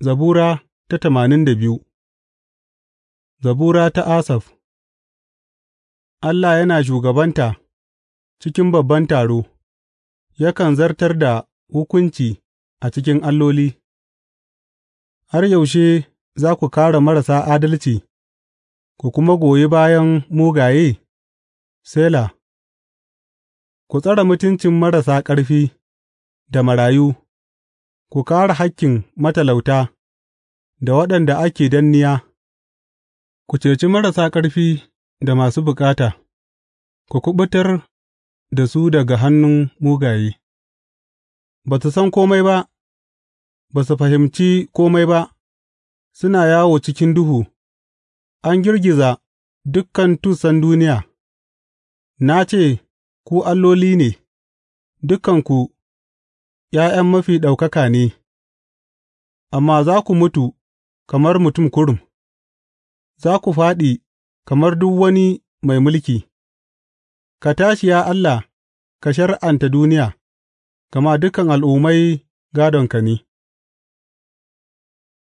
Zabura ta tamanin da biyu Zabura ta Asaf Allah yana shugabanta cikin babban taro; yakan zartar da hukunci a cikin alloli Har yaushe za ku kara marasa adalci ku kuma goyi bayan mugaye, Sela Ku tsara mutuncin marasa ƙarfi da marayu. Ku kāre hakkin matalauta da waɗanda ake danniya, ku ceci marasa ƙarfi da masu bukata, ku kuɓutar da su daga hannun mugaye; ba su san kome ba, ba su fahimci kome ba, suna yawo cikin duhu, an girgiza dukkan tusan duniya; na ce, Ku alloli ne, dukanku. ’ya'yan Mafi Ɗaukaka ne, amma za ku mutu kamar mutum kurum, za ku fāɗi kamar duk wani mai mulki, ka tashi, ya Allah, ka shari'anta duniya, gama dukan al'ummai gādonka ne.